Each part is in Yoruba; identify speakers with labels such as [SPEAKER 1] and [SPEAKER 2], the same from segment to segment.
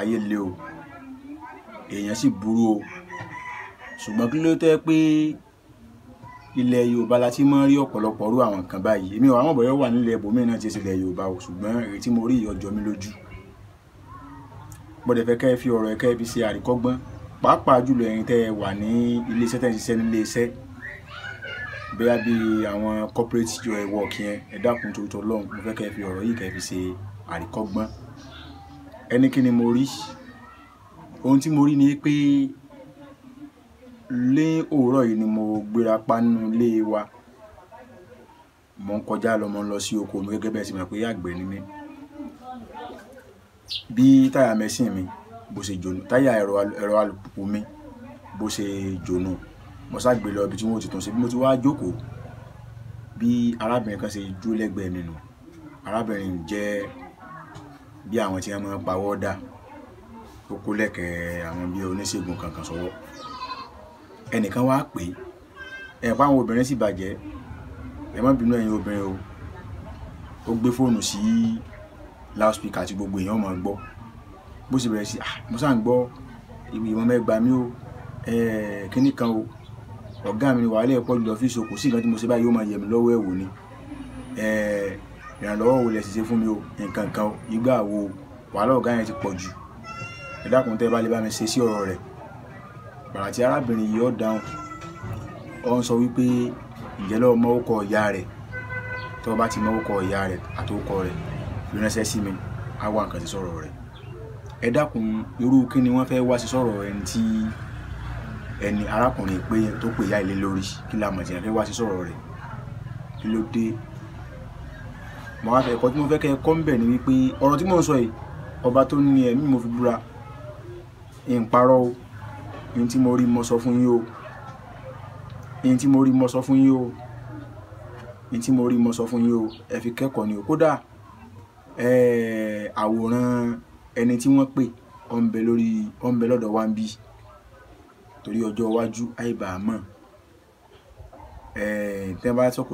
[SPEAKER 1] ayé le o èèyàn sì burú o ṣùgbọ́n kí ló tẹ́ pé ilẹ̀ yorùbá la ti máa ń rí ọ̀pọ̀lọpọ̀ rú àwọn nǹkan báyìí èmi ò wá mọ̀ bọ́yọ̀ wà nílẹ̀ ibòmíràn náà ti ṣe ilẹ̀ yorùbá o ṣùgbọ́n èyí tí mo rí yìí ọjọ́ mi lójú gbọ́dọ̀ fẹ́ kẹ́ ẹ fi ọ̀rọ̀ ẹ kẹ́ ẹ fi ṣe àríkọ́gbọ́n pàápàá jùlọ ẹ̀yin tẹ́ ẹ wà ní iléeṣẹ́ tẹ́ ń ṣiṣẹ́ nílé iṣẹ́ bóyá bí àwọn corporate work yẹn ẹ dákun tó tọ́ lọ́hùn mo fẹ́ kẹ́ ẹ fi ọ̀rọ̀ yìí kẹ́ ẹ fi ṣe àríkọ́gbọ́n ẹni kí ni mo rí ohun tí mo rí ni pé lé òwúrọ̀ yìí ni mo gbéra pa nínú ilé wa mo ń kọjá lọ mo ń lọ sí oko mi gẹ́gẹ́ bẹ́ẹ̀ sì mọ̀ pé àgbẹ̀ ni mí bí táyà mẹ́sìn mi bó ṣe jònú táyà ẹ̀rọ alùpùpù mi bó ṣe jònú mo ṣàgbé lọ ibi tí wọ́n ti tún ṣe bí mo ti wá jókòó bí arábìnrin kan ṣe dúró lẹ́gbẹ̀ẹ́ mi nù arábìnrin jẹ́ bí àwọn tí wọ́n máa ń pawọ́ dà ó kó lẹ́kẹ̀ẹ́ àwọn bí oníṣègùn kankan sọ́wọ́ ẹnìkan wá pè é ẹ̀pọ̀ àwọn obìnrin sì bàjẹ́ ẹ má bínú ẹ̀yin obìnrin o ó gbé fóònù sí loudspeaker àti gbogbo èèyàn máa gbọ́ bó sì bẹ̀rẹ̀ sí ah, mo sá ń gbọ́ ìwọ̀n mẹ́gbàá mi ó kíní kan o ọ̀gá mi ni wàhálà ẹ̀pọ̀ jùlọ fíṣọ kò sí nǹkan tí mo ṣe báyìí ó máa yẹ mi lọ́wọ́ ẹ̀wò ni ìrànlọ́wọ́ wo lẹ sì ṣe fún mi o nǹkan kan o ìgbà wo wàhálà ọ̀gá yẹn ti pọ̀ jù ẹ dákun tẹ́ ẹ bá lè bá mi ṣe sí ọ̀rọ̀ rẹ̀ bàrà tí arábìnrin yìí ọ̀ dáhùn ọ̀ ń sọ wípé ìjẹ́ lọ́wọ́ mọ́ ọkọ̀ ìyá rẹ̀ tó bá ti mọ́ ọkọ̀ ìyá rẹ̀ àtọkọ rẹ̀ ló ránṣẹ́ sí mi á wá nǹkan sí sọ̀rọ̀ rẹ̀ ẹ dákun irú kí ni wọ́n fẹ́ wá sí sọ̀rọ̀ ẹni tí ẹni arákùnrin pé tó pè ya ilé lórí kí la mọ̀ tí fẹ́ wá sí sọ̀rọ̀ rẹ̀ kí ló dé màá wá sọ ẹ̀kọ́ tí mo fẹ́ kẹ́ ẹ kọ́ ni wípé ọ̀rọ̀ tí mò ń sọ yìí ọba tó ní ẹ̀mí mo fi búra ń parọ́ o ní tí mo rí mo sọ fún yín o ní tí mo rí mo sọ fún yín o ní tí mo rí mo sọ fún yín o ẹ fi kẹ́kọ̀ọ́ ni o kódà àwòrán ẹni tí wọ́n pè ọ̀nbẹ lórí ọ̀nbẹ lọ́dọ̀ wa ń bí torí ọjọ́ iwájú àìbàámọ̀ tẹ́ bá sọ̀kò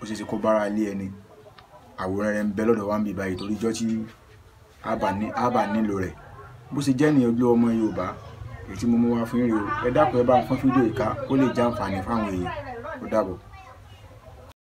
[SPEAKER 1] ó ṣeé ṣe kó bára lé ẹni àwòrán rẹ̀ ń bẹ lọ́dọ̀ wa ń bì báyìí torí jọ́ tí a bá nílò rẹ̀ bó ṣe jẹ́ nìyẹn ojú ọmọ Yorùbá èyí tí mo mú wá fún yín rèé o ẹ dákun ẹ bá fọ́n fídíò ìka ó lè jẹ́ àǹfààní fáwọn èèyàn ó dàbọ̀.